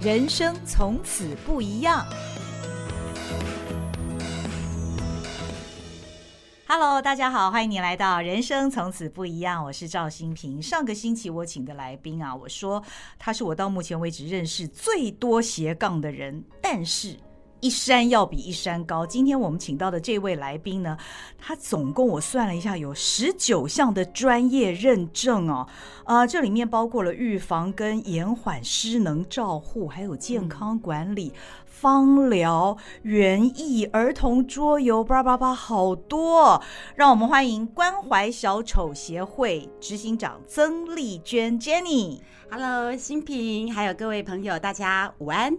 人生從此不一樣。Hello，大家好，歡迎你來到《人生從此不一樣》。我是趙心屏。上個星期我請的來賓啊，我說他是我到目前為止認識最多斜槓的人，但是。一山要比一山高。今天我們請到的這位來賓呢，他總共我算了一下，有十九項的專業認證哦。啊、呃，這裡面包括了預防、跟延緩失能照護，還有健康管理。嗯芳療、園藝、兒童桌遊，叭叭叭，好多，讓我們歡迎關懷小丑協會執行長曾麗娟 Jenny。Hello，心屏，還有各位朋友，大家午安。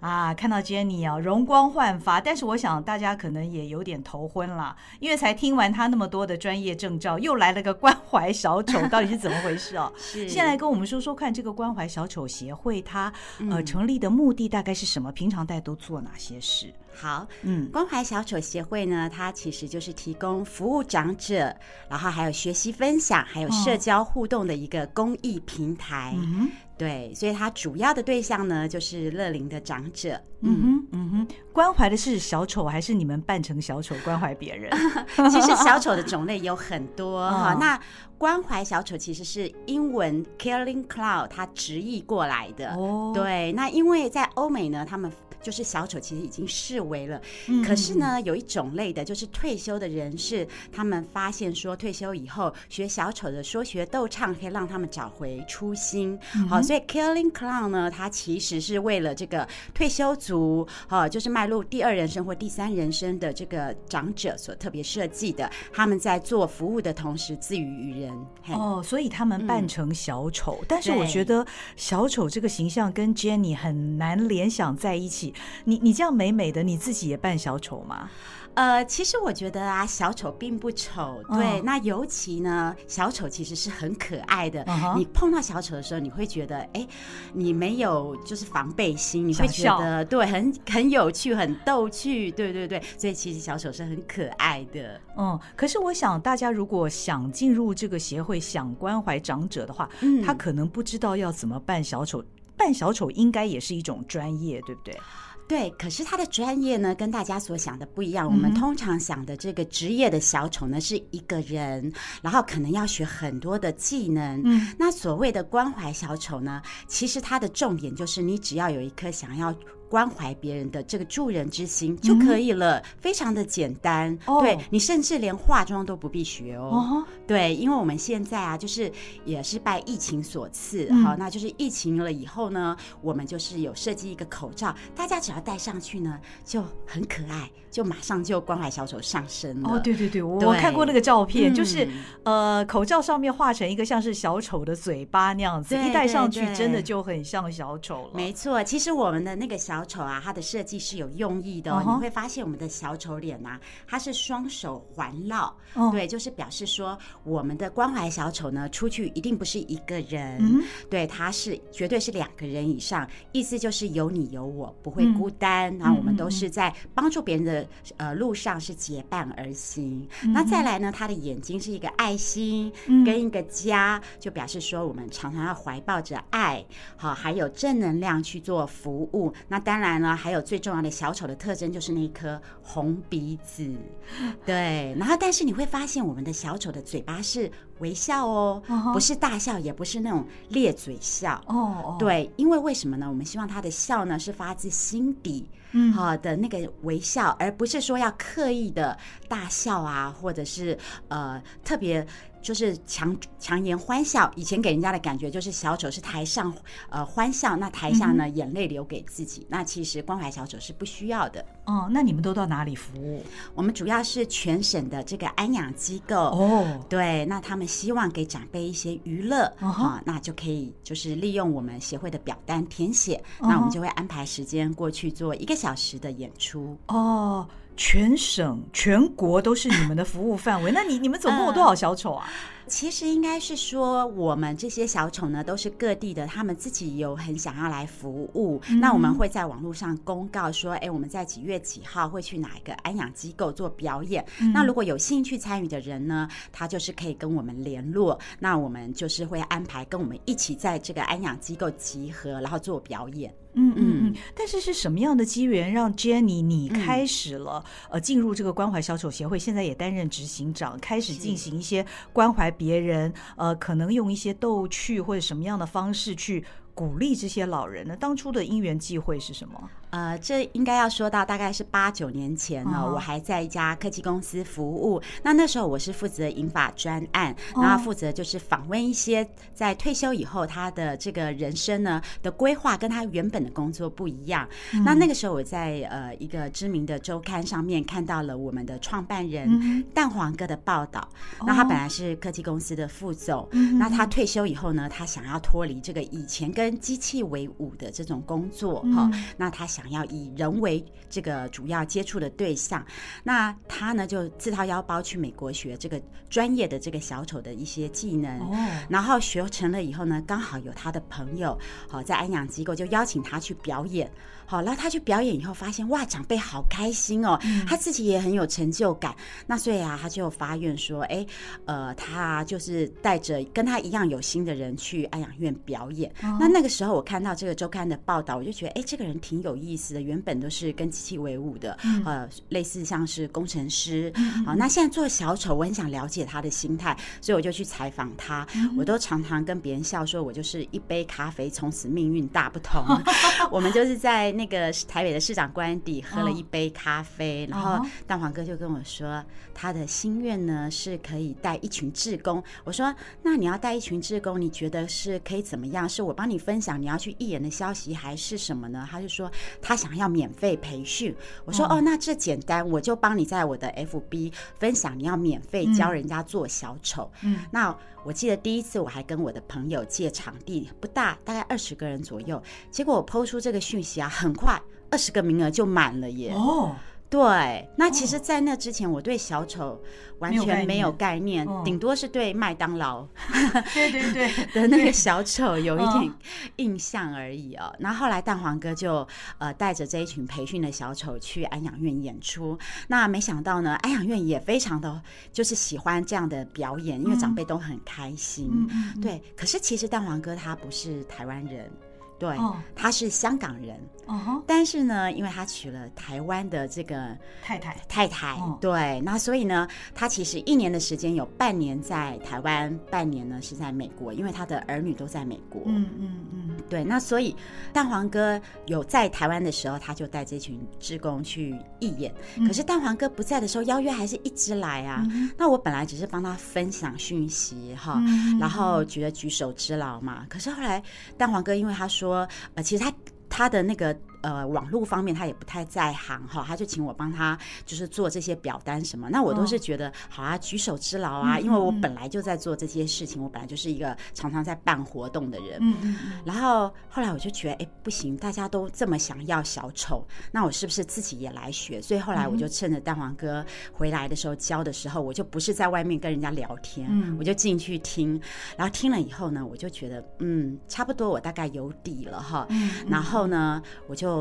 啊，看到 Jenny 啊，容光煥發，但是我想大家可能也有點頭昏了，因為才聽完她那麼多的專業證照，又來了個關懷小丑，到底是怎麼回事哦、啊？ 是先來跟我們說說看，這個關懷小丑協會它呃、嗯、成立的目的大概是什麼？平常在在都做哪些事？好，嗯，關懷小丑協會呢，它其實就是提供服務長者，然後還有學習分享，還有社交互動的一個公益平台。哦嗯、對，所以它主要的對象呢，就是樂齡的長者。嗯，嗯哼，嗯哼，關懷的是小丑，還是你們扮成小丑關懷別人？ 其實小丑的種類有很多哈、哦哦。那關懷小丑其實是英文 Caring Clown 它直譯過來的。哦，對，那因為在歐美呢，他們就是小丑其實已經式微了，嗯、可是呢，有一種類的，就是退休的人士，他們發現說，退休以後學小丑的說學逗唱可以讓他們找回初心。好、嗯哦，所以 Killing Clown 呢，他其實是為了這個退休族，哈、哦，就是邁入第二人生或第三人生的這個長者所特別設計的。他們在做服務的同時，自娛於人。嘿哦，所以他們扮成小丑，嗯、但是我覺得小丑這個形象跟 Jenny 很難聯想在一起。你你這樣美美的，你自己也扮小丑嗎？呃，其實我覺得啊，小丑並不醜，對。哦、那尤其呢，小丑其實是很可愛的。哦、你碰到小丑的時候，你會覺得，哎，你沒有就是防備心，你會覺得，小小對，很很有趣，很逗趣，對，對對對。所以其實小丑是很可愛的。嗯，可是我想，大家如果想進入這個協會，想關懷長者的話，嗯、他可能不知道要怎麼扮小丑。扮小丑應該也是一種專業，對不對？對，可是他的專業呢，跟大家所想的不一樣。嗯、我們通常想的這個職業的小丑呢，是一個人，然後可能要學很多的技能。嗯，那所謂的關懷小丑呢，其實它的重點就是，你只要有一顆想要。關懷別人的這個助人之心就可以了，嗯、非常的簡單。Oh. 對，你甚至連化妝都不必學哦。Oh. 對，因為我們現在啊，就是也是拜疫情所賜好、嗯哦，那就是疫情了以後呢，我們就是有設計一個口罩，大家只要戴上去呢，就很可愛，就馬上就關懷小丑上身了。哦，oh, 對對對，對我看過那個照片，嗯、就是呃，口罩上面畫成一個像是小丑的嘴巴那樣子，對對對對對，一戴上去真的就很像小丑了。沒錯，其實我們的那個小小丑啊，它的設計是有用意的。哦。Uh huh. 你會發現，我們的小丑臉吶，啊，它是雙手環繞，uh huh. 對，就是表示說，我們的關懷小丑呢，出去一定不是一個人，uh huh. 對，他是絕對是兩個人以上，意思就是有你有我，不會孤單。那，uh huh. 我們都是在幫助別人的呃路上是結伴而行。Uh huh. 那再來呢，他的眼睛是一個愛心跟一個家，就表示說，我們常常要懷抱着愛，好，哦，還有正能量去做服務。那當然呢，還有最重要的小丑的特徵就是那一顆紅鼻子，對。然後，但是你會發現，我們的小丑的嘴巴是微笑哦，uh huh. 不是大笑，也不是那種咧嘴笑哦。Uh huh. 對，因為為什麼呢？我們希望他的笑呢是發自心底，好的那個微笑，uh huh. 而不是說要刻意的大笑啊，或者是呃特別。就是強強顏歡笑，以前給人家的感覺就是小丑是台上呃歡笑，那台下呢、嗯、眼淚流給自己。那其實關懷小丑是不需要的。哦、嗯，那你們都到哪裡服務？我們主要是全省的這個安養機構哦。Oh. 對，那他們希望給長輩一些娛樂，啊、uh huh. 呃，那就可以就是利用我們協會的表單填寫，uh huh. 那我們就會安排時間過去做一個小時的演出哦。Oh. 全省、全國都是你們的服務範圍， 那你、你們總共有多少小丑啊？嗯、其實應該是說，我們這些小丑呢，都是各地的，他們自己有很想要來服務。嗯、那我們會在網絡上公告說，誒、欸，我們在幾月幾號會去哪一個安養機構做表演。嗯、那如果有興趣參與的人呢，他就是可以跟我們聯絡，那我們就是會安排跟我們一起在這個安養機構集合，然後做表演。嗯嗯嗯，但是是什麼樣的機緣讓 Jenny 你開始了、嗯、呃進入這個關懷小丑協會？現在也擔任執行長，開始進行一些關懷別人，是呃，可能用一些逗趣或者什麼樣的方式去鼓勵這些老人呢？當初的因緣際會是什麼？呃，這應該要說到大概是八九年前了、哦，oh. 我還在一家科技公司服務。那那時候我是負責銀髮專案，oh. 然後負責就是訪問一些在退休以後他的這個人生呢的規劃，跟他原本的工作不一樣。Oh. 那那個時候我在呃一個知名的周刊上面看到了我們的創辦人蛋黃哥的報道。Oh. 那他本來是科技公司的副總，oh. 那他退休以後呢，他想要脫離這個以前跟機器為伍的這種工作哈、oh. 哦，那他想。想要以人為這個主要接觸的對象，那他呢就自掏腰包去美國學這個專業的這個小丑的一些技能，oh. 然後學成了以後呢，剛好有他的朋友好在安養機構就邀請他去表演。好，然後他去表演以後，發現哇，長輩好開心哦，嗯、他自己也很有成就感。那所以啊，他就發願說，哎，呃，他就是帶着跟他一樣有心的人去安養院表演。哦、那那個時候，我看到這個周刊的報道，我就覺得，哎，這個人挺有意思的。原本都是跟機器為伍的，嗯、呃，類似像是工程師。嗯、好，那現在做小丑，我很想了解他的心態，所以我就去採訪他。嗯、我都常常跟別人笑說，我就是一杯咖啡，從此命運大不同。我們就是在。那個台北的市長官邸喝了一杯咖啡，oh. Oh. 然後蛋黃哥就跟我說，他的心願呢是可以帶一群志工。我說，那你要帶一群志工，你覺得是可以怎麼樣？是我幫你分享你要去藝人的消息，還是什麼呢？他就說他想要免費培訓。我說，哦，oh. oh, 那這簡單，我就幫你在我的 FB 分享，你要免費教人家做小丑。嗯，um. 那。我記得第一次我還跟我的朋友借場地，不大，大概二十個人左右。結果我拋出這個訊息啊，很快二十個名額就滿了耶。哦對，那其實，在那之前，我對小丑完全沒有概念，哦、頂多是對麥當勞對對對 的那個小丑有一點印象而已哦。那、哦、後，後來蛋黃哥就、呃、帶着這一群培訓的小丑去安養院演出，那沒想到呢，安養院也非常的就是喜歡這樣的表演，嗯、因為長輩都很開心。嗯嗯、對，可是其實蛋黃哥他不是台灣人。對，oh. 他是香港人，uh huh. 但是呢，因為他娶了台灣的這個太太太太，oh. 對，那所以呢，他其實一年的時間有半年在台灣，半年呢是在美國，因為他的兒女都在美國。嗯嗯嗯，hmm. 對，那所以蛋黃哥有在台灣的時候，他就帶這群志工去義演，mm hmm. 可是蛋黃哥不在的時候，邀約還是一直來啊。Mm hmm. 那我本來只是幫他分享訊息哈，mm hmm. 然後覺得舉手之勞嘛，可是後來蛋黃哥因為他說。呃，其實他他的那個。呃，網絡方面他也不太在行哈，他就請我幫他就是做這些表單什麼，那我都是覺得，oh. 好啊，舉手之勞啊，mm hmm. 因為我本來就在做這些事情，我本來就是一個常常在辦活動的人。嗯嗯、mm。Hmm. 然後後來我就覺得，哎、欸，不行，大家都這麼想要小丑，那我是不是自己也來學？所以後來我就趁着蛋黃哥回來的時候教的時候，mm hmm. 我就不是在外面跟人家聊天，mm hmm. 我就進去聽。然後聽了以後呢，我就覺得，嗯，差不多，我大概有底了哈。嗯、mm。Hmm. 然後呢，我就。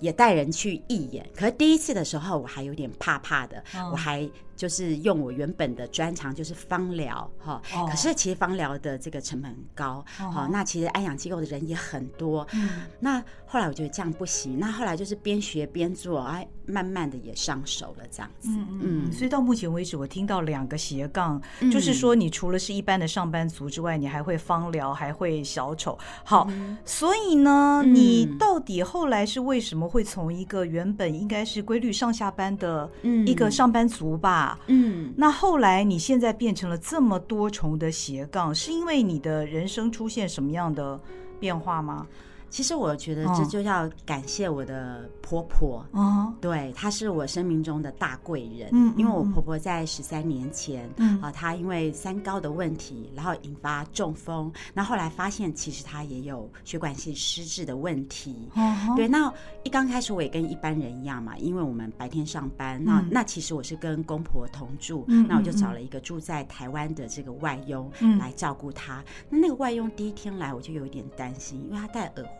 也帶人去義演，可是第一次的時候，我還有點怕怕的，Oh. 我還。就是用我原本的專長，就是芳療哈，哦、可是其實芳療的這個成本很高，好、哦哦，那其實安養機構的人也很多，嗯、那後來我覺得這樣不行，那後來就是邊學邊做，哎，慢慢的也上手了這樣子，嗯，嗯所以到目前為止，我聽到兩個斜槓，嗯、就是說你除了是一般的上班族之外，你還會芳療，還會小丑，好，嗯、所以呢，嗯、你到底後來是為什麼會從一個原本應該是規律上下班的一個上班族吧？嗯，那後來你現在變成了這麼多重的斜槓，是因為你的人生出現什麼樣的變化嗎？其實我覺得這就要感謝我的婆婆，oh. uh huh. 對，她是我生命中的大貴人。嗯、uh，huh. 因為我婆婆在十三年前，啊、uh huh. 呃，她因為三高的問題，然後引發中風，那後，後來發現其實她也有血管性失智的問題。哦、uh，huh. 對，那一剛開始我也跟一般人一樣嘛，因為我們白天上班，uh huh. 那那其實我是跟公婆同住，uh huh. 那我就找了一個住在台灣的這個外傭來照顧她。那、uh huh. 那個外傭第一天來，我就有一點擔心，因為她戴耳環。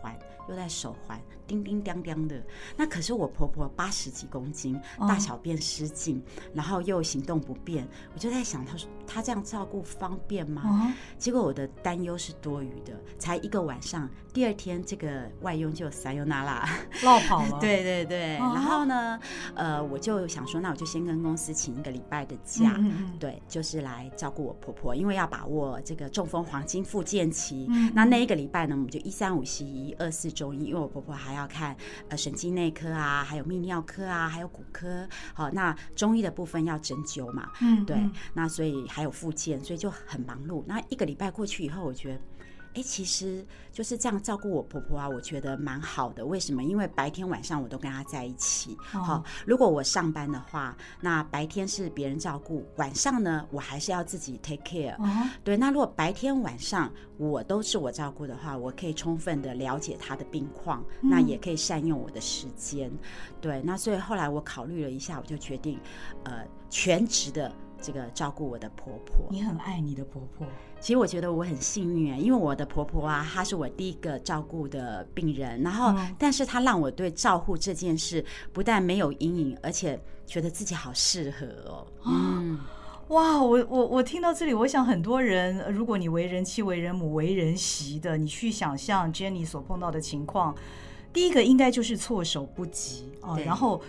都在手環叮叮噹噹的，那可是我婆婆八十幾公斤，oh. 大小便失禁，然後又行動不便，我就在想，她說。他這樣照顧方便嗎？Uh huh. 結果我的擔憂是多餘的，才一個晚上，第二天這個外傭就撒有娜拉，落跑了。 對對對，uh huh. 然後呢，呃，我就想說，那我就先跟公司請一個禮拜的假，uh huh. 對，就是來照顧我婆婆，因為要把握這個中風黃金復健期。Uh huh. 那那一個禮拜呢，我們就一三五西醫，一二四中醫，因為我婆婆還要看呃神經內科啊，還有泌尿科啊，還有骨科。好、哦，那中醫的部分要針灸嘛？嗯、uh，huh. 對，那所以還。還有復健，所以就很忙碌。那一個禮拜過去以後，我覺得，哎、欸，其實就是這樣照顧我婆婆啊，我覺得蠻好的。為什麼？因為白天晚上我都跟她在一起。好，oh. 如果我上班的話，那白天是別人照顧，晚上呢，我還是要自己 take care。Oh. 對，那如果白天晚上我都是我照顧的話，我可以充分的了解她的病況，那也可以善用我的時間。Mm. 對，那所以後來我考慮了一下，我就決定，呃，全職的。這個照顧我的婆婆，你很愛你的婆婆？其實我覺得我很幸運啊，因為我的婆婆啊，她是我第一個照顧的病人。然後，嗯、但是她讓我對照護這件事不但沒有陰影，而且覺得自己好適合哦。嗯、哇，我我我聽到這裡，我想很多人，如果你為人妻、為人母、為人媳的，你去想象 Jenny 所碰到的情況，第一個應該就是措手不及哦。對然後。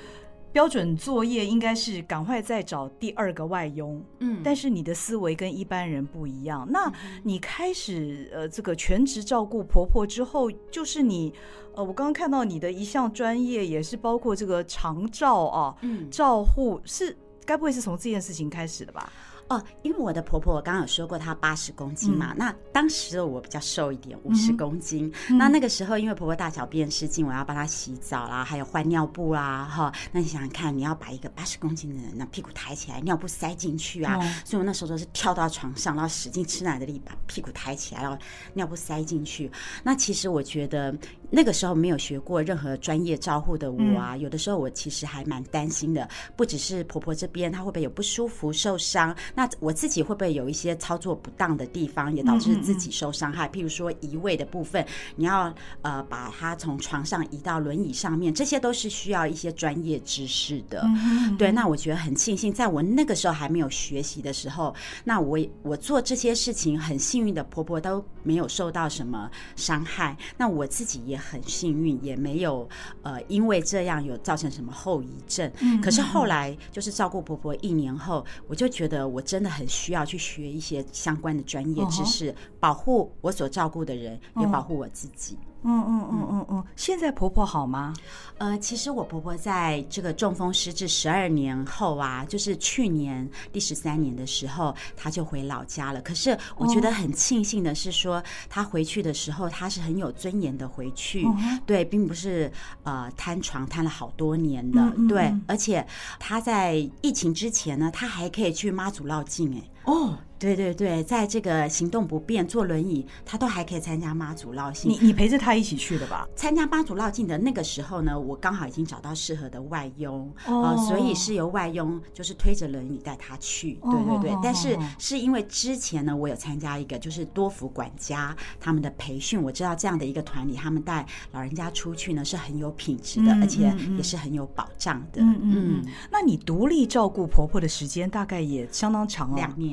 標準作業應該是趕快再找第二個外傭，嗯，但是你的思維跟一般人不一樣。那你開始呃，這個全職照顧婆婆之後，就是你呃，我剛剛看到你的一項專業也是包括這個長照啊，嗯，照護是該不會是從這件事情開始的吧？哦，因為我的婆婆，我剛剛有說過她八十公斤嘛，嗯、那當時我比較瘦一點，五十公斤。嗯、哼那那個時候，因為婆婆大小便失禁，我要幫她洗澡啦，還有換尿布啦、啊，哈。那你想想看，你要把一個八十公斤的人的屁股抬起來，尿布塞進去啊，嗯、所以我那時候都是跳到床上，然後使勁吃奶的力把屁股抬起來，然後尿布塞進去。那其實我覺得。那個時候沒有學過任何專業照護的我啊，有的時候我其實還蠻擔心的，不只是婆婆這邊她會不會有不舒服、受傷，那我自己會不會有一些操作不當的地方，也導致自己受傷害？譬如說移位的部分，你要呃把她從床上移到輪椅上面，這些都是需要一些專業知識的。對，那我覺得很慶幸，在我那個時候還沒有學習的時候，那我我做這些事情，很幸運的婆婆都沒有受到什麼傷害，那我自己也。很幸運，也沒有呃，因為這樣有造成什麼後遺症。嗯、哼哼，可是後來就是照顧婆婆一年後，我就覺得我真的很需要去學一些相關的專業知識，哦、吼保護我所照顧的人，也保護我自己。嗯嗯嗯嗯嗯，現在婆婆好嗎？呃，其實我婆婆在這個中風失智十二年後啊，就是去年第十三年的時候，她就回老家了。可是我覺得很慶幸的是說，說、oh. 她回去的時候，她是很有尊嚴的回去，oh. 對，並不是呃癱床癱了好多年的。Oh. 對，而且她在疫情之前呢，她還可以去媽祖繞境哎。哦，oh, 對對對，在這個行動不便坐輪椅，他都還可以參加媽祖繞境。你你陪着他一起去的吧？參加媽祖繞境的那個時候呢，我剛好已經找到適合的外傭，哦、oh. 呃，所以是由外傭就是推着輪椅帶他去。對對對，oh. 但是是因為之前呢，我有參加一個就是多福管家他們的培訓，我知道這樣的一個團裡，他們帶老人家出去呢是很有品質的，而且也是很有保障的。嗯、mm hmm. 嗯，那你獨立照顧婆婆的時間大概也相當長、啊、兩年。年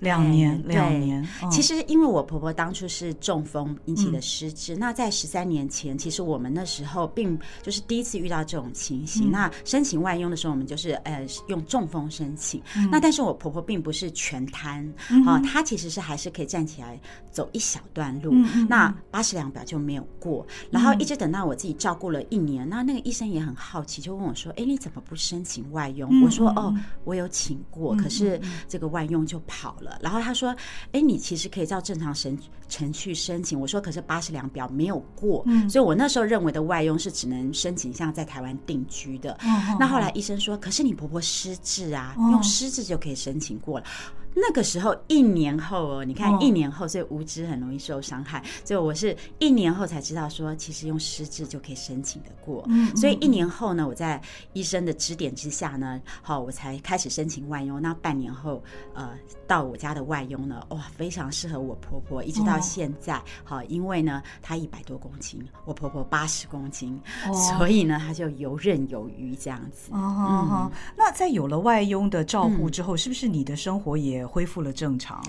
兩年兩年，其實因為我婆婆當初是中風引起的失智，那在十三年前，其實我們那時候並就是第一次遇到這種情形。那申請外傭的時候，我們就是呃用中風申請。那但是我婆婆並不是全癱啊，她其實是還是可以站起來走一小段路。那巴氏量表就沒有過，然後一直等到我自己照顧了一年，那那個醫生也很好奇，就問我說：“哎，你怎麼不申請外傭？”我說：“哦，我有請過，可是這個外傭就。”跑了，然後他說：“哎，你其實可以照正常神”程序申請，我說可是巴氏量表沒有過，嗯、所以我那時候認為的外傭是只能申請像在台灣定居的。嗯、那後來醫生說，嗯、可是你婆婆失智啊，嗯、用失智就可以申請過了。那個時候一年後哦，你看一年後，嗯、所以無知很容易受傷害，所以我是一年後才知道說，其實用失智就可以申請的過。嗯、所以一年後呢，我在醫生的指點之下呢，好，我才開始申請外傭。那半年後，呃，到我家的外傭呢，哇，非常適合我婆婆，一直到。現在好，因為呢，她一百多公斤，我婆婆八十公斤，oh. 所以呢，她就游刃有餘這樣子。哦、oh. oh. 嗯，那在有了外傭的照顧之後，嗯、是不是你的生活也恢復了正常？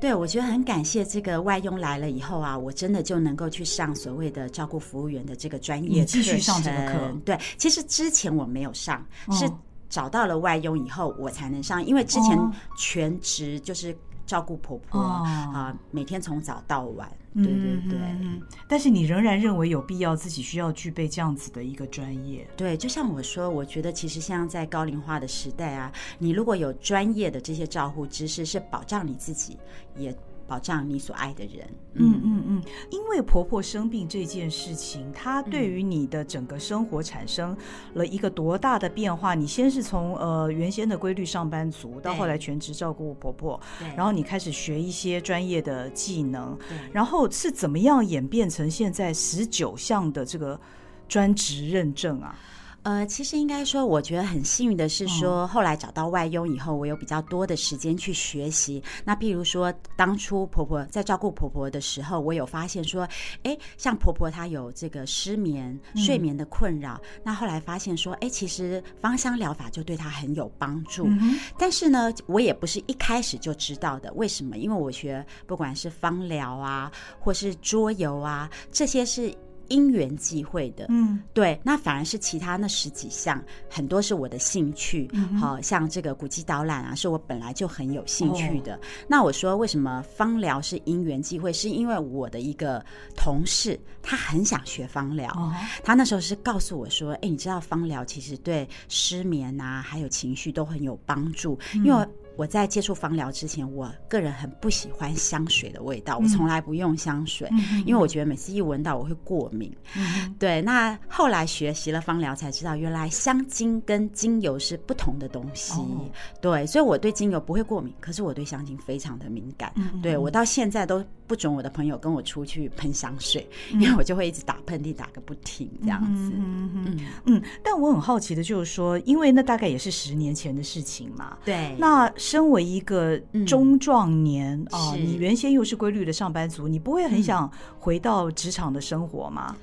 對，我覺得很感謝這個外傭來了以後啊，我真的就能夠去上所謂的照顧服務員的這個專業，也繼續上這個課。對，其實之前我沒有上，oh. 是找到了外傭以後我才能上，因為之前全職就是。照顧婆婆、oh. 啊，每天從早到晚，對對對、嗯。但是你仍然認為有必要自己需要具備這樣子的一個專業。對，就像我說，我覺得其實像在高齡化的時代啊，你如果有專業的這些照護知識，是保障你自己也保障你所愛的人，嗯嗯嗯，嗯，因為婆婆生病這件事情，它對於你的整個生活產生了一個多大的變化？嗯、你先是從呃原先的規律上班族，到後來全職照顧婆婆，對然後你開始學一些專業的技能，對然後是怎麼樣演變成現在十九項的這個專職認證啊？呃，其實應該說，我覺得很幸運的是說，後來找到外傭以後，我有比較多的時間去學習。那譬如說，當初婆婆在照顧婆婆的時候，我有發現說，哎，像婆婆她有這個失眠、睡眠的困擾。那、嗯、後來發現說，哎，其實芳香療法就對她很有幫助。嗯、哼但是呢，我也不是一開始就知道的，為什麼？因為我學不管是芳療啊，或是桌遊啊，這些是。因緣際會的，嗯，對，那反而是其他那十幾項，很多是我的興趣，好、嗯嗯哦、像這個古蹟導覽啊，是我本來就很有興趣的。哦、那我說為什麼芳療是因緣際會，是因為我的一個同事，他很想學芳療，哦、他那時候是告訴我說，哎、欸，你知道芳療其實對失眠啊，還有情緒都很有幫助，嗯、因為。我在接觸芳療之前，我個人很不喜歡香水的味道，嗯、哼我從來不用香水，嗯、哼因為我覺得每次一聞到我會過敏。嗯、哼對，那後來學習了芳療才知道，原來香精跟精油是不同的東西。哦、對，所以我對精油不會過敏，可是我對香精非常的敏感。嗯、哼對，我到現在都。不准我的朋友跟我出去噴香水，因為我就會一直打噴嚏打個不停，這樣子。嗯嗯，但我很好奇的就是說，因為那大概也是十年前的事情嘛。對。那身為一個中壯年、嗯、哦，是你原先又是規律的上班族，你不會很想回到職場的生活嗎？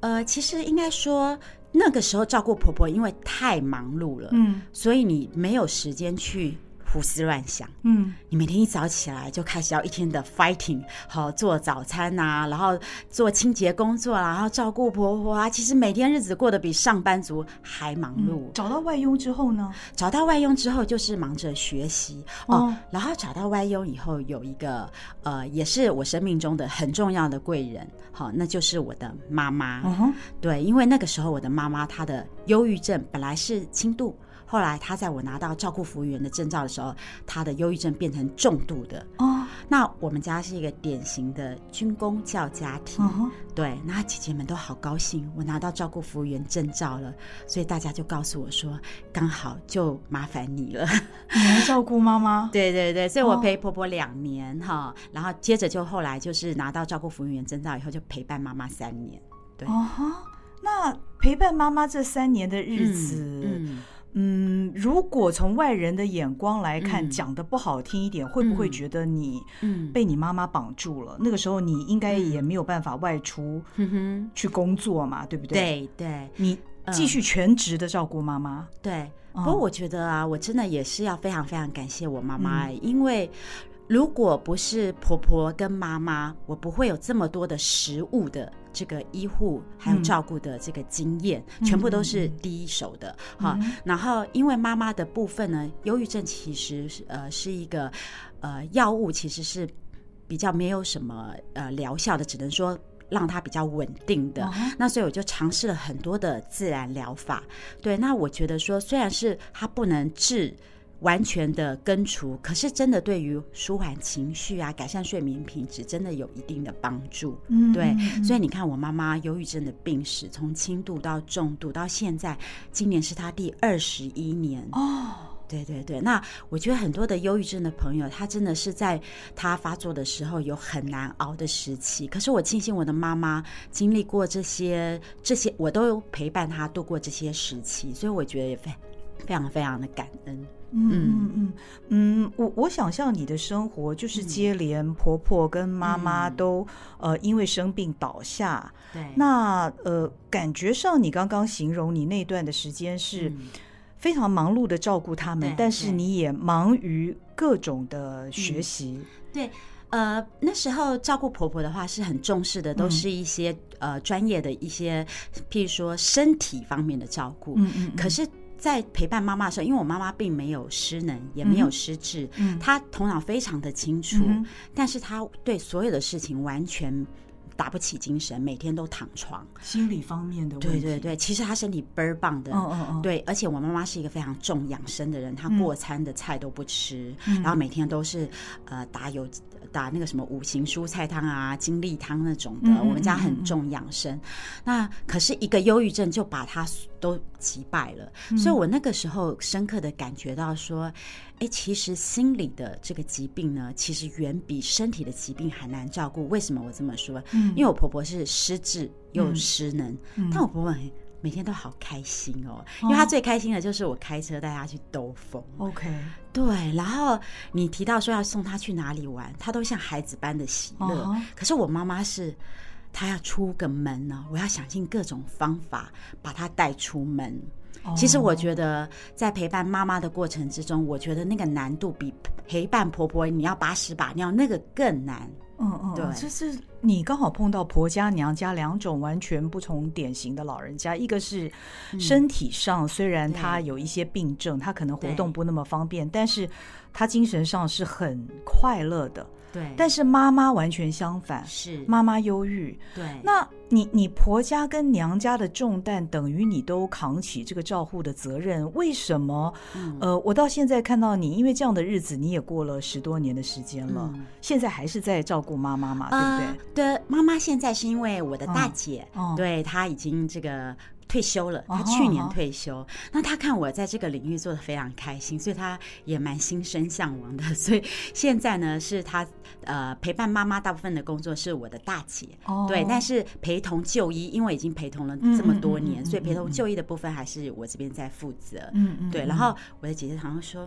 嗯、呃，其實應該說那個時候照顧婆婆，因為太忙碌了，嗯，所以你沒有時間去。胡思亂想，嗯，你每天一早起來就開始要一天的 fighting，好，做早餐啊，然後做清潔工作、啊，然後照顧婆婆啊，其實每天日子過得比上班族還忙碌。嗯、找到外傭之後呢？找到外傭之後就是忙着學習哦，哦，然後找到外傭以後有一個呃，也是我生命中的很重要的貴人，好、哦，那就是我的媽媽。嗯、哼，對，因為那個時候我的媽媽她的憂鬱症本來是輕度。後來，他，在我拿到照顧服務員的證照的時候，他的憂鬱症變成重度的哦。Oh. 那我們家是一個典型的軍公教家庭，uh huh. 對，那姐姐們都好高興，我拿到照顧服務員證照了，所以大家就告訴我說，剛好就麻煩你了，你要照顧媽媽。 對對對，所以我陪婆婆兩年哈，oh. 然後接着就後來就是拿到照顧服務員證照以後，就陪伴媽媽三年。對，哦、uh huh. 那陪伴媽媽這三年的日子。嗯嗯嗯，如果從外人的眼光來看，嗯、講得不好聽一點，嗯、會不會覺得你被你媽媽綁住了？嗯、那個時候你應該也沒有辦法外出去工作嘛，嗯、對不對？對，對，對你繼續全職的照顧媽媽。嗯、對，嗯、不過我覺得啊，我真的也是要非常非常感謝我媽媽，嗯、因為。如果不是婆婆跟媽媽，我不會有這麼多的食物的這個醫護還有照顧的這個經驗，嗯、全部都是第一手的哈。然後因為媽媽的部分呢，憂鬱症其實是呃是一個呃藥物其實是比較沒有什麼呃療效的，只能說讓它比較穩定的。哦、那所以我就嘗試了很多的自然療法。對，那我覺得說雖然是它不能治。完全的根除，可是真的對於舒緩情緒啊、改善睡眠品質，真的有一定的幫助。嗯,嗯,嗯，對，所以你看我媽媽憂鬱症的病史，從輕度到重度到現在，今年是她第二十一年。哦，對對對，那我覺得很多的憂鬱症的朋友，他真的是在他發作的時候有很難熬的時期。可是我慶幸我的媽媽經歷過這些，這些我都陪伴她度過這些時期，所以我覺得。非常非常的感恩，嗯嗯嗯，嗯我我想象你的生活就是接連婆婆跟媽媽都、嗯、呃因為生病倒下，對、嗯，那呃感覺上你剛剛形容你那段的時間是非常忙碌的照顧他們，嗯、但是你也忙於各種的學習、嗯，對，呃那時候照顧婆婆的話是很重視的，都是一些、嗯、呃專業的一些譬如說身體方面的照顧、嗯，嗯嗯，可是。在陪伴媽媽的時候，因為我媽媽並沒有失能，也沒有失智，嗯嗯、她頭腦非常的清楚，嗯、但是她對所有的事情完全打不起精神，每天都躺床。心理方面的問題，對對對，其實她身體倍兒棒的，嗯、哦哦哦、對，而且我媽媽是一個非常重養生的人，她過餐的菜都不吃，嗯、然後每天都是呃打油。打那個什麼五行蔬菜湯啊、精力湯那種的，嗯、我們家很重養生。嗯、那可是一個憂鬱症就把它都擊敗了，嗯、所以我那個時候深刻的感覺到說，哎、欸，其實心理的這個疾病呢，其實遠比身體的疾病還難照顧。為什麼我這麼說？嗯、因為我婆婆是失智又失能，嗯嗯、但我婆婆很。每天都好開心哦，因為他最開心的就是我開車帶他去兜風。OK，對，然後你提到說要送他去哪裡玩，他都像孩子般的喜樂。Uh huh. 可是我媽媽是，她要出個門呢、哦，我要想盡各種方法把她帶出門。Uh huh. 其實我覺得，在陪伴媽媽的過程之中，我覺得那個難度比陪伴婆婆你要把屎把尿那個更難。嗯嗯，嗯，對，就是你剛好碰到，婆家娘家兩種完全不同典型的老人家，嗯、一個是身體上雖然他有一些病症，他、嗯、可能活動不那麼方便，對但是他精神上是很快樂的。對，但是媽媽完全相反，是媽媽憂鬱。對，那你你婆家跟娘家的重擔，等於你都扛起這個照顧的責任。為什麼？嗯、呃，我到現在看到你，因為這樣的日子你也過了十多年的時間了，嗯、現在還是在照顧媽媽嘛，嗯、對不對？對，媽媽現在是因為我的大姐，嗯嗯、對她已經這個。退休了，他去年退休。那他看我在這個領域做得非常開心，所以他也蠻心生嚮往的。所以現在呢，是他呃，陪伴媽媽大部分的工作是我的大姐，oh. 對。但是陪同就醫，因為已經陪同了這麼多年，所以陪同就醫的部分還是我這邊在負責。嗯嗯。對，然後我的姐姐常常說。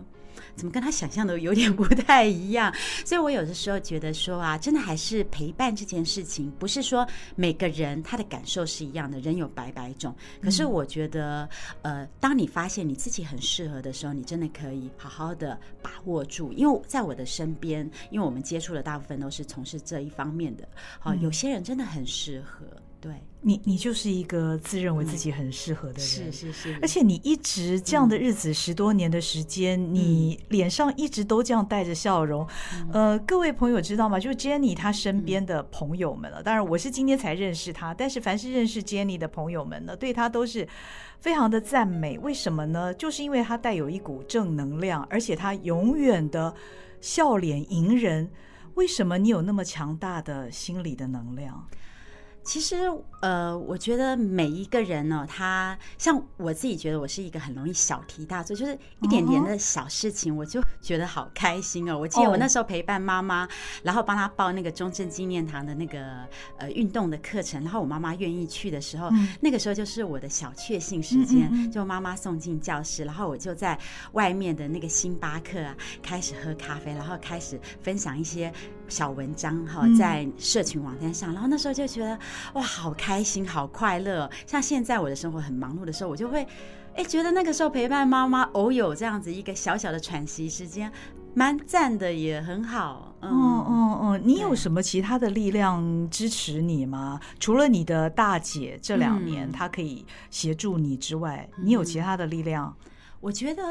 怎麼跟他想象的有點不太一樣？所以我有的時候覺得說啊，真的還是陪伴這件事情，不是說每個人他的感受是一樣的，人有百百種。可是我覺得，呃，當你發現你自己很適合的時候，你真的可以好好的把握住。因為在我的身邊，因為我們接觸的大部分都是從事這一方面的，好，有些人真的很適合。對你你就是一個自認為自己很適合的人，是是、嗯、是，是是是而且你一直這樣的日子十多年的時間，嗯、你臉上一直都這樣帶着笑容。嗯、呃，各位朋友知道嗎？就 Jenny 她身邊的朋友們了，嗯、當然我是今天才認識她，但是凡是認識 Jenny 的朋友們呢，對她都是非常的讚美。為什麼呢？就是因為她帶有一股正能量，而且她永遠的笑臉迎人。為什麼你有那麼強大的心理的能量？其實，呃，我覺得每一個人呢、哦，他像我自己，覺得我是一個很容易小題大做，就是一點點的小事情，我就覺得好開心哦。Uh huh. 我記得我那時候陪伴媽媽，然後幫她報那個中正紀念堂的那個呃運動的課程，然後我媽媽願意去的時候，uh huh. 那個時候就是我的小確幸時間，就媽媽送進教室，uh huh. 然後我就在外面的那個星巴克啊，開始喝咖啡，然後開始分享一些。小文章哈，在社群網站上，嗯、然後那時候就覺得哇，好開心，好快樂。像現在我的生活很忙碌的時候，我就會誒，覺得那個時候陪伴媽媽，偶有這樣子一個小小的喘息時間，蠻讚的也，也很好。嗯嗯嗯、哦哦哦，你有什麼其他的力量支持你嗎？對除了你的大姐這兩年她可以協助你之外，嗯、你有其他的力量？嗯、我覺得。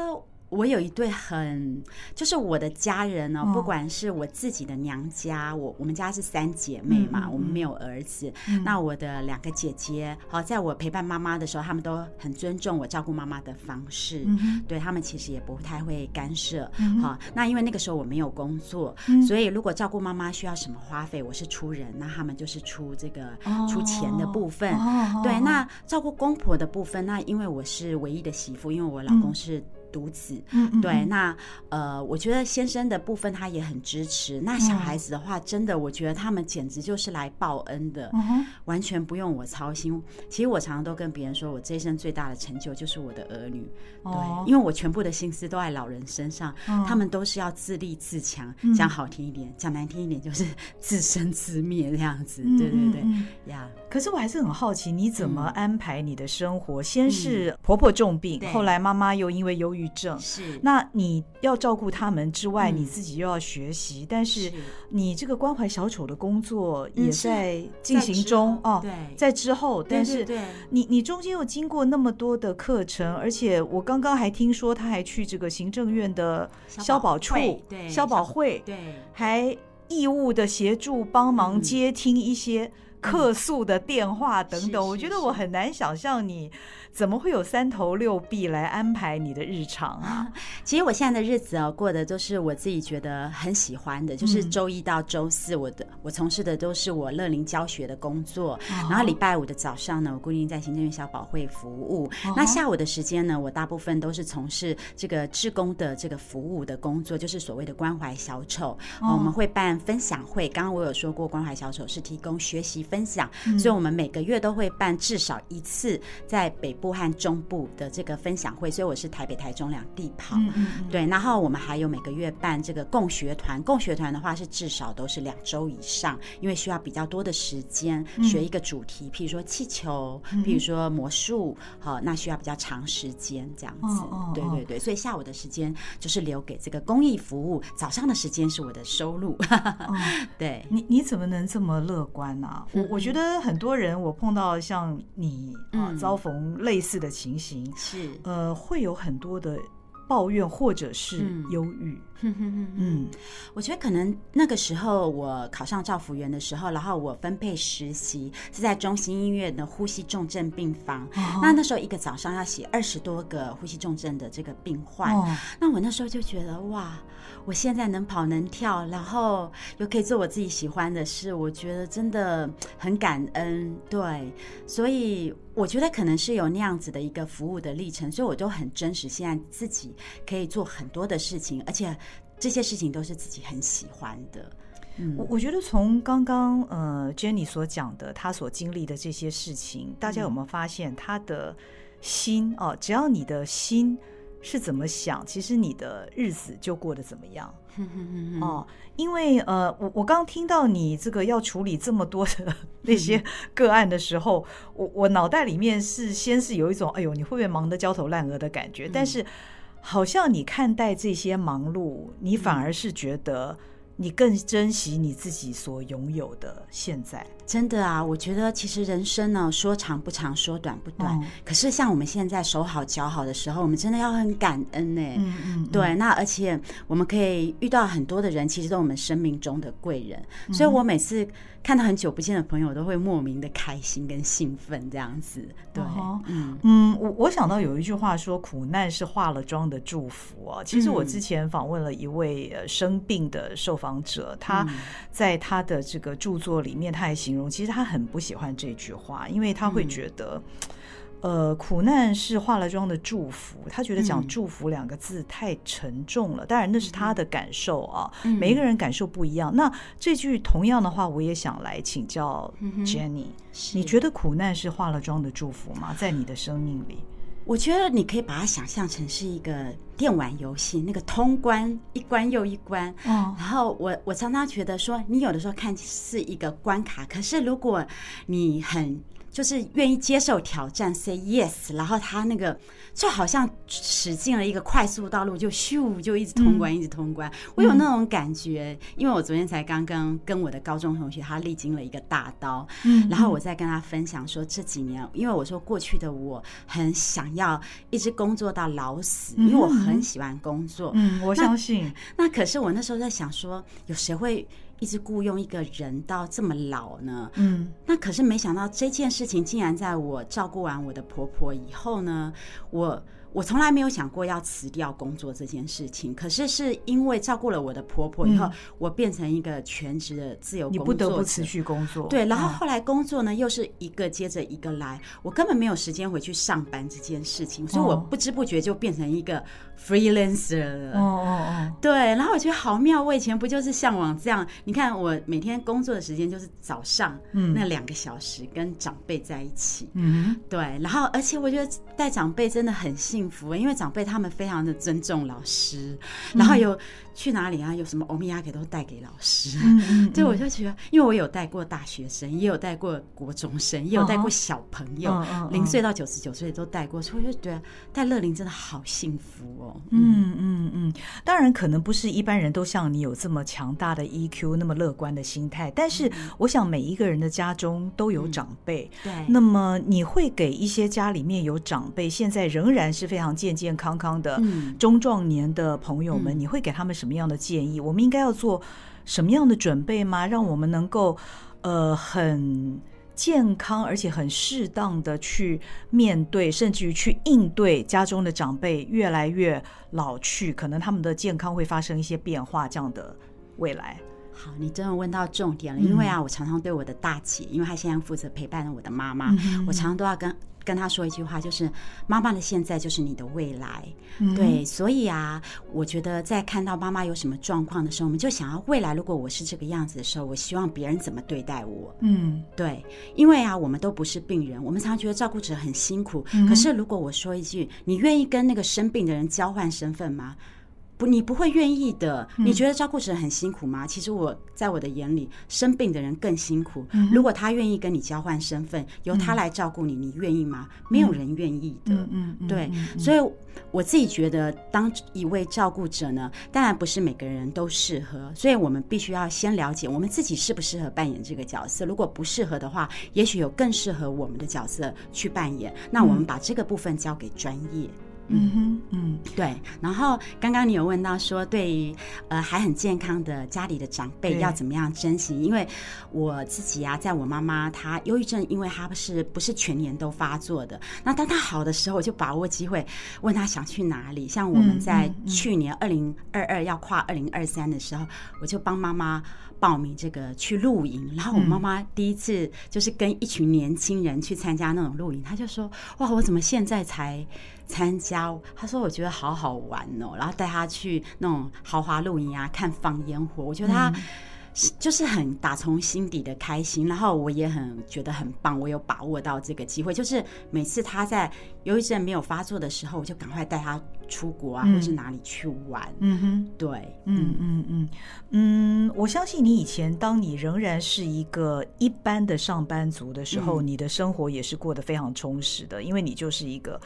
我有一對很，就是我的家人呢、哦，oh. 不管是我自己的娘家，我我們家是三姐妹嘛，mm hmm. 我們沒有兒子。Mm hmm. 那我的兩個姐姐，好，在我陪伴媽媽的時候，他們都很尊重我照顧媽媽的方式，mm hmm. 對，他們其實也不太會干涉。好、mm hmm. 哦，那因為那個時候我沒有工作，mm hmm. 所以如果照顧媽媽需要什麼花費，我是出人，那他們就是出這個、oh. 出錢的部分。Oh. 對，那照顧公婆的部分，那因為我是唯一的媳婦，因為我老公是、mm。Hmm. 如此，嗯，嗯，對，那呃，我覺得先生的部分他也很支持。那小孩子的話，真的，我覺得他們簡直就是來報恩的，嗯、哼完全不用我操心。其實我常常都跟別人說我這一生最大的成就就是我的兒女，哦、對，因為我全部的心思都在老人身上，嗯、他們都是要自立自強，嗯、講好聽一點，講難聽一點就是自生自滅那樣子，對對對，呀。可是我還是很好奇，你怎麼安排你的生活？嗯、先是婆婆重病，嗯、後來媽媽又因為憂鬱。是，那你要照顧他們之外，你自己又要學習，但是你這個關懷小丑的工作也在進行中哦，在之後，但是你你中間又經過那麼多的課程，而且我剛剛還聽說他還去這個行政院的消保處，對消保會，對還義務的協助幫忙接聽一些客訴的電話等等，我覺得我很難想象你，怎麼會有三頭六臂來安排你的日常啊？其實我現在的日子啊，過的都是我自己覺得很喜歡的，就是周一到周四，我的我從事的都是我樂齡教學的工作，然後禮拜五的早上呢，我固定在行政院消保會服務。那下午的時間呢，我大部分都是從事這個志工的這個服務的工作，就是所謂的關懷小丑。我們會辦分享會，剛剛我有說過，關懷小丑是提供學習分享，所以我們每個月都會辦至少一次在北部。漢中部的這個分享會，所以我是台北、台中兩地跑，嗯嗯、對。然後我們還有每個月辦這個共學團，共學團的話是至少都是兩週以上，因為需要比較多的時間學一個主題，比、嗯、如說氣球，比、嗯、如說魔術，好、嗯哦，那需要比較長時間這樣子。哦哦、對對對，所以下午的時間就是留給這個公益服務，早上的時間是我的收入。哦、 對，你你怎麼能這麼樂觀呢？啊？嗯、我我覺得很多人我碰到像你啊，嗯哦、遭逢累。類似的情形是，呃，會有很多的抱怨或者是憂鬱。嗯， 嗯，我覺得可能那個時候我考上照服員的時候，然後我分配實習是在中心醫院的呼吸重症病房。那、哦、那時候一個早上要洗二十多個呼吸重症的這個病患，哦、那我那時候就覺得哇。我現在能跑能跳，然後又可以做我自己喜歡的事，我覺得真的很感恩。對，所以我覺得可能是有那樣子的一個服務的歷程，所以我都很真實。現在自己可以做很多的事情，而且這些事情都是自己很喜歡的。嗯，我我覺得從剛剛呃 Jenny 所講的她所經歷的這些事情，大家有沒有發現她的心？哦，只要你的心。是怎麼想？其實你的日子就過得怎麼樣？ 哦，因為呃，我我剛聽到你這個要處理這麼多的那些個案的時候，嗯、我我腦袋裡面是先是有一種哎呦，你會不會忙得焦頭爛額的感覺？嗯、但是好像你看待這些忙碌，你反而是覺得你更珍惜你自己所擁有的現在。真的啊，我覺得其實人生呢，說長不長，說短不短。哦、可是像我們現在手好腳好的時候，我們真的要很感恩呢、嗯。嗯對，那而且我們可以遇到很多的人，其實都是我們生命中的貴人。嗯、所以我每次看到很久不見的朋友，都會莫名的開心跟興奮這樣子。對。哦、嗯，嗯我我想到有一句話說：“苦難是化了妝的祝福。”哦。其實我之前訪問了一位生病的受訪者，嗯、他在他的這個著作裡面，嗯、他也行。其實他很不喜歡這句話，因為他會覺得，嗯、呃，苦難是化了妝的祝福。他覺得講“祝福”兩個字太沉重了。嗯、當然那是他的感受啊，嗯、每一個人感受不一樣。那這句同樣的話，我也想來請教 Jenny，、嗯、你覺得苦難是化了妝的祝福嗎？在你的生命裡？我覺得你可以把它想象成是一個電玩遊戲，那個通關一關又一關。嗯、哦，然後我我常常覺得說，你有的時候看是一個關卡，可是如果你很。就是願意接受挑戰，say yes，然後他那個就好像駛進了一個快速道路，就咻就一直通關，嗯、一直通關。我有那種感覺，因為我昨天才剛剛跟我的高中同學，他歷經了一個大刀，嗯，然後我在跟他分享說，這幾年，因為我說過去的我很想要一直工作到老死，嗯、因為我很喜歡工作，嗯，那我相信。那可是我那時候在想說，有誰會？一直僱傭一個人到這麼老呢？嗯，那可是沒想到這件事情竟然在我照顧完我的婆婆以後呢，我。我從來沒有想過要辭掉工作這件事情，可是是因為照顧了我的婆婆以後，嗯、我變成一個全職的自由工作者。你不得不持續工作。對，然後後來工作呢、哦、又是一個接着一個來，我根本沒有時間回去上班這件事情，所以我不知不覺就變成一個 freelancer 了。哦哦哦，對，然後我覺得好妙，我以前不就是嚮往這樣？你看我每天工作的時間就是早上、嗯、那兩個小時跟長輩在一起。嗯哼，對，然後而且我覺得帶長輩真的很幸。因為長輩他們非常的尊重老師，然後有。去哪裡啊？有什麼歐米亞給都帶給老師，嗯嗯、 對，我就覺得，因為我有帶過大學生，也有帶過國中生，也有帶過小朋友，零歲到九十九歲都帶過，所以我覺得帶樂齡真的好幸福哦、嗯。嗯嗯嗯，當然可能不是一般人都像你有這麼強大的 EQ，那麼樂觀的心態，但是我想每一個人的家中都有長輩，對，那麼你會給一些家裡面有長輩，現在仍然是非常健健康康的中壯年的朋友們，你會給他們什什麼樣的建議？我們應該要做什麼樣的準備嗎？讓我們能夠呃很健康，而且很適當的去面對，甚至於去應對家中的長輩越來越老去，可能他們的健康會發生一些變化這樣的未來。好，你真的問到重點了，嗯、因為啊，我常常對我的大姐，因為她現在負責陪伴著我的媽媽，嗯、哼我常常都要跟。跟他說一句話，就是媽媽的現在就是你的未來，嗯、對，所以啊，我覺得在看到媽媽有什麼狀況的時候，我們就想要未來，如果我是這個樣子的時候，我希望別人怎麼對待我，嗯，對，因為啊，我們都不是病人，我們常覺得照顧者很辛苦，嗯、可是如果我說一句，你願意跟那個生病的人交換身份嗎？不，你不會願意的。你覺得照顧者很辛苦嗎？其實我在我的眼裡，生病的人更辛苦。如果他願意跟你交換身份，由他來照顧你，你願意嗎？沒有人願意的。嗯，對。所以我自己覺得，當一位照顧者呢，當然不是每個人都適合。所以我們必須要先了解我們自己適不適合扮演這個角色。如果不適合的話，也許有更適合我們的角色去扮演。那我們把這個部分交給專業。嗯哼，嗯、mm，hmm, mm hmm. 對。然後剛剛你有問到說，對於呃還很健康的家裡的長輩要怎麼樣珍惜？對因為我自己啊，在我媽媽她憂鬱症，因為她不是不是全年都發作的。那當她好的時候，我就把握機會問她想去哪裡。像我們在去年二零二二要跨二零二三的時候，我就幫媽媽報名這個去露營。然後我媽媽第一次就是跟一群年輕人去參加那種露營，她就說：“哇，我怎麼現在才？”參加，他說，我覺得好好玩哦，然後帶他去那種豪華露營啊，看放煙火，我覺得他就是很打從心底的開心，然後我也很覺得很棒，我有把握到這個機會，就是每次他在憂鬱症沒有發作的時候，我就趕快帶他出國啊，嗯、或是哪裡去玩。嗯哼，對，嗯嗯嗯嗯，我相信你以前當你仍然是一個一般的上班族的時候，嗯、你的生活也是過得非常充實的，因為你就是一個。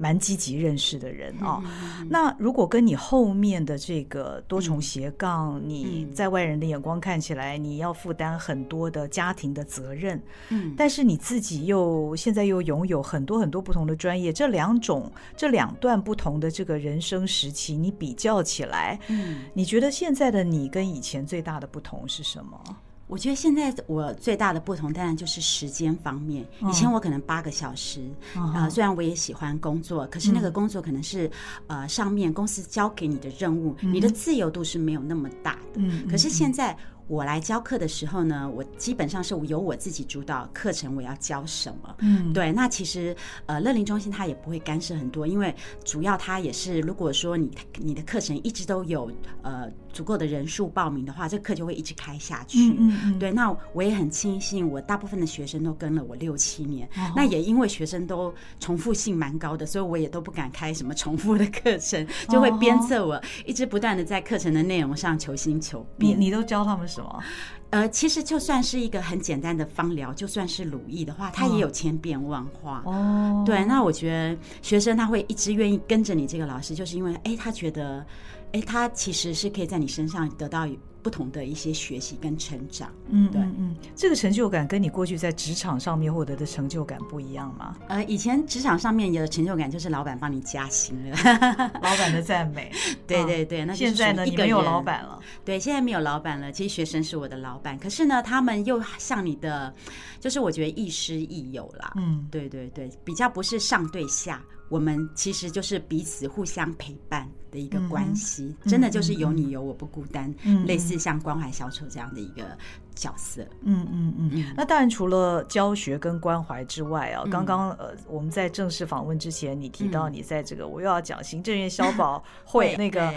蠻積極認識的人哦，嗯嗯嗯，那如果跟你後面的這個多重斜槓，嗯嗯，你在外人的眼光看起來，你要負擔很多的家庭的責任，嗯嗯，但是你自己又現在又擁有很多很多不同的專業，這兩種這兩段不同的這個人生時期，你比較起來，嗯、你覺得現在的你跟以前最大的不同是什麼？我覺得現在我最大的不同，當然就是時間方面。以前我可能八個小時，啊，雖然我也喜歡工作，可是那個工作可能是，呃，上面公司交給你的任務，你的自由度是沒有那麼大的。可是現在。我來教課的時候呢，我基本上是由我自己主導課程，我要教什麼。嗯，對。那其實，呃，樂齡中心它也不會干涉很多，因為主要它也是，如果說你你的課程一直都有呃足夠的人數報名的話，這課、個，就會一直開下去。嗯，嗯，嗯對，那我也很慶幸，我大部分的學生都跟了我六七年，哦，那也因為學生都重複性蠻高的，所以我也都不敢開什麼重複的課程，就會鞭策我，哦，一直不斷的在課程的內容上求新求變你。你都教他們什麼？呃，其實就算是一個很簡單的芳療，就算是乳液的話，他也有千變萬化。哦，對，那我覺得學生他會一直願意跟着你這個老師，就是因為，哎、欸，他覺得。哎，他其實是可以在你身上得到不同的一些學習跟成長，嗯，對、嗯，嗯，這個成就感跟你過去在職場上面獲得的成就感不一樣嗎？呃，以前職場上面有的成就感就是老闆幫你加薪了，老闆的讚美， 對對對，啊、那一個現在呢你沒有老闆了，對，現在沒有老闆了，其實學生是我的老闆，可是呢，他們又像你的，就是我覺得亦師亦友啦，嗯，對對對，比較不是上對下。我們其實就是彼此互相陪伴的一個關係，真的就是有你有我不孤單。嗯，類似像關懷小丑這樣的一個角色。嗯嗯嗯。那當然，除了教學跟關懷之外啊，剛剛呃，我們在正式訪問之前，你提到你在這個我又要講行政院消保會那個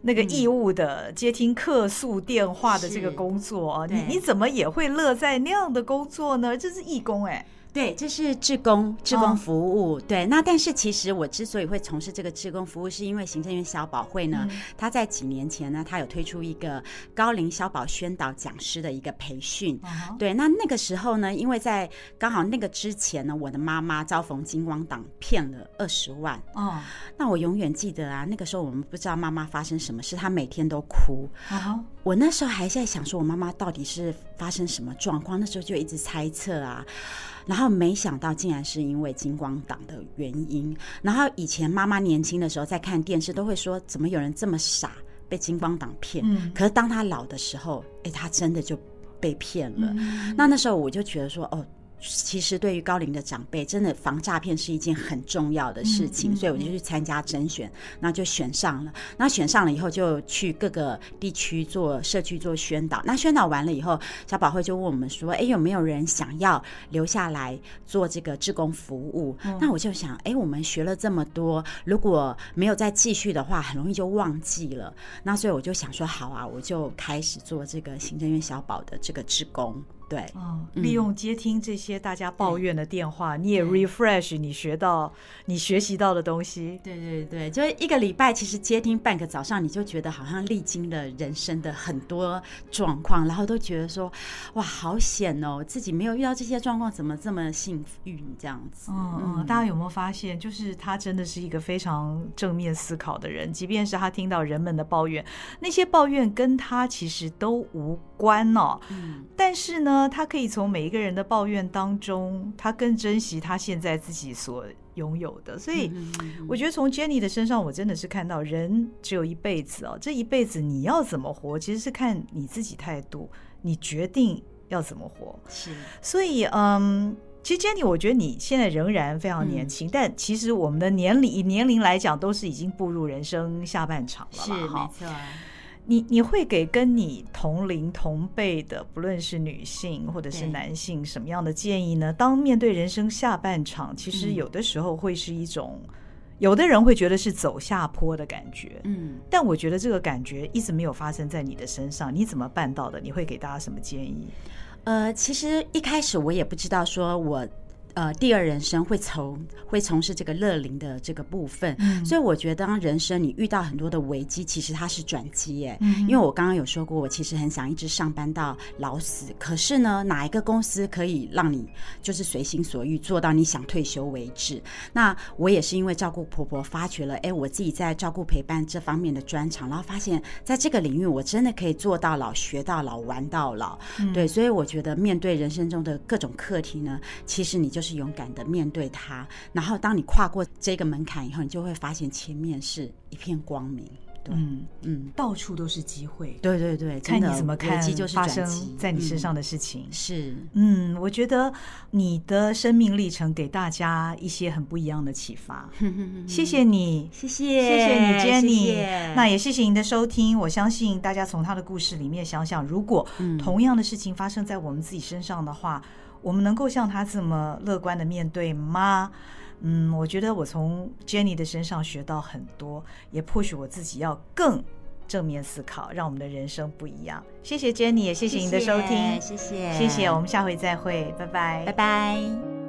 那個義務的接聽客訴電話的這個工作啊，你你怎麼也會樂在那樣的工作呢？這是義工哎。對，這是志工志工服務。哦、對，那但是其實我之所以會從事這個志工服務，是因為行政院消保會呢，他、嗯、在幾年前呢，他有推出一個高齡消保宣導講師的一個培訓。嗯、哼對，那那個時候呢，因為在剛好那個之前呢，我的媽媽遭逢金光黨騙了二十萬。哦、嗯。那我永遠記得啊，那個時候我們不知道媽媽發生什麼事，她每天都哭。好、嗯，我那時候還在想說，我媽媽到底是發生什麼狀況？那時候就一直猜測啊。然後沒想到竟然是因為金光黨的原因。然後以前媽媽年輕的時候在看電視都會說，怎麼有人這麼傻被金光黨騙？嗯、可是當她老的時候，哎、欸，她真的就被騙了。嗯、那那時候我就覺得說，哦。其實對於高齡的長輩，真的防詐騙是一件很重要的事情，嗯、所以我就去參加甄選，嗯、那就選上了。那選上了以後，就去各個地區做社區做宣導。那宣導完了以後，消保會就問我們說：“哎，有沒有人想要留下來做這個志工服務？”嗯、那我就想：“哎，我們學了這麼多，如果沒有再繼續的話，很容易就忘記了。”那所以我就想說：“好啊，我就開始做這個行政院消保的這個志工。”對，嗯，利用接聽這些大家抱怨的電話，對你也 refresh 你學到你學習到的東西。對對對，就一個禮拜，其實接聽半個早上，你就覺得好像歷經了人生的很多狀況，然後都覺得說，哇，好險哦！自己沒有遇到這些狀況，怎麼這麼幸運這樣子？嗯嗯，大家有沒有發現，就是他真的是一個非常正面思考的人，即便是他聽到人們的抱怨，那些抱怨跟他其實都無關哦。嗯，但是呢，呃，他可以從每一個人的抱怨當中，他更珍惜他現在自己所擁有的。所以，我覺得從 Jenny 的身上，我真的是看到人只有一輩子哦。這一輩子你要怎麼活，其實是看你自己態度，你決定要怎麼活。是。所以，嗯，其實 Jenny，我覺得你現在仍然非常年輕，嗯、但其實我們的年齡，以年齡來講，都是已經步入人生下半場了，是沒錯。好你你會給跟你同齡同輩的，不論是女性或者是男性，什麼樣的建議呢？對當面對人生下半場，其實有的時候會是一種，嗯、有的人會覺得是走下坡的感覺，嗯，但我覺得這個感覺一直沒有發生在你的身上，你怎麼辦到的？你會給大家什麼建議？呃，其實一開始我也不知道，說我。呃，第二人生會從會從事這個樂齡的這個部分，嗯、所以我覺得，當人生你遇到很多的危機，其實它是轉機耶。嗯、因為我剛剛有說過，我其實很想一直上班到老死，可是呢，哪一個公司可以讓你就是隨心所欲做到你想退休為止？那我也是因為照顧婆婆，發覺了，哎，我自己在照顧陪伴這方面的專長，然後發現，在這個領域，我真的可以做到老，學到老，玩到老。嗯、對，所以我覺得，面對人生中的各種課題呢，其實你就是，是勇敢的面對它，然後當你跨過這個門檻以後，你就會發現前面是一片光明。對，嗯，嗯，到處都是機會。對對對，的看你怎麼看，危機，就是轉機，發生在你身上的事情。嗯、是，嗯，我覺得你的生命歷程給大家一些很不一樣的啟發。 謝謝你，謝謝，謝謝你，Jenny。謝謝，那也謝謝您的收聽。我相信大家從他的故事裡面想想，如果同樣的事情發生在我們自己身上的話，我們能夠像他這麼樂觀的面對嗎？嗯，我覺得我從 Jenny 的身上學到很多，也迫使我自己要更正面思考，讓我們的人生不一樣。謝謝 Jenny，也謝謝你的收聽，謝謝，謝謝，謝謝，我們下回再會，拜拜，拜拜。